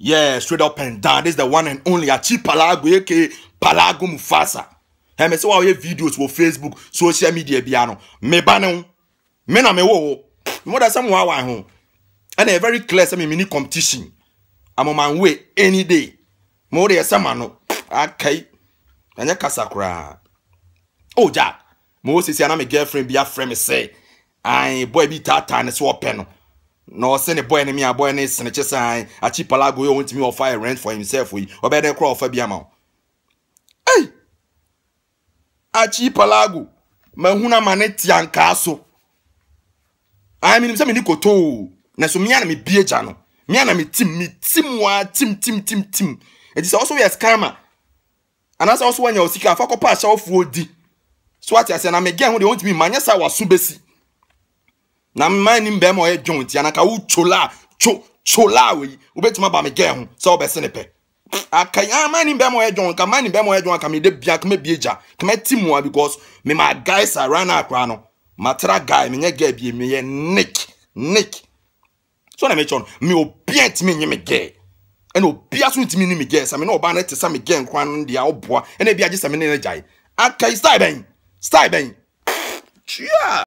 Yeah, straight up and down. This is the one and only Achi Palago, aka Palago Mufasa. Hey, me say wow, videos wo Facebook, social media biano. Me banu, me na me wo. Me mo da some wow ho. And a very clear some mini competition. I'm on my way any day. Mo de some ano. Okay. Anya kasa kra. Oh, Jack. Mo sisi ana me girlfriend bi afrɛ me say, "Ai, boy bi tata ne so open no." na ɔsɛ ne bɔɛ ne mi abɔɛ ne sene kye san akyi palago yi a ɔntumi ɔfa yɛ rent for himself yi ɔbɛn ne kora ɔfa bi ama o ɛy akyi palago mahun ama ne tia nkaa so ayi mi nim sɛ mi ni koto o na so mia na mi bie gya no mia na mi tim mi tim waa tim tim tim tim eti sɛ ɔso yɛ scammer anaasɛ ɔso wanya osika afa kɔpa ahyɛwofoɔ di so ate aseɛ na mɛ gɛn ho deɛ ɔntumi ma nyɛ sa waso besi na mmaa ni mbɛrima ɔyɛ dwon ti anaka wo tsola tso tsola awo yi wobɛtumi aba mi gɛɛ ho sɛ ɔbɛsi ne pɛ aka yi ah mmaa ni mbɛrima ɔyɛ dwon ka mmaa ni mbɛrima ɔyɛ dwon ka mi de bia kama bie gya kama ti mu a because mi ma guys a ran akora no ma tra guy mi nyɛ girl bie mi yɛ nick nick so na mi kyɛn mi obiara ti mi nye mi gɛɛ ɛna obiara so ntumi ni mi gɛɛ sami na ɔbaa na ti sa mi gɛɛ nkwa no deɛ ɔboa ɛna ebi agye sami ne ne gya yi aka yi style bɛn style bɛn.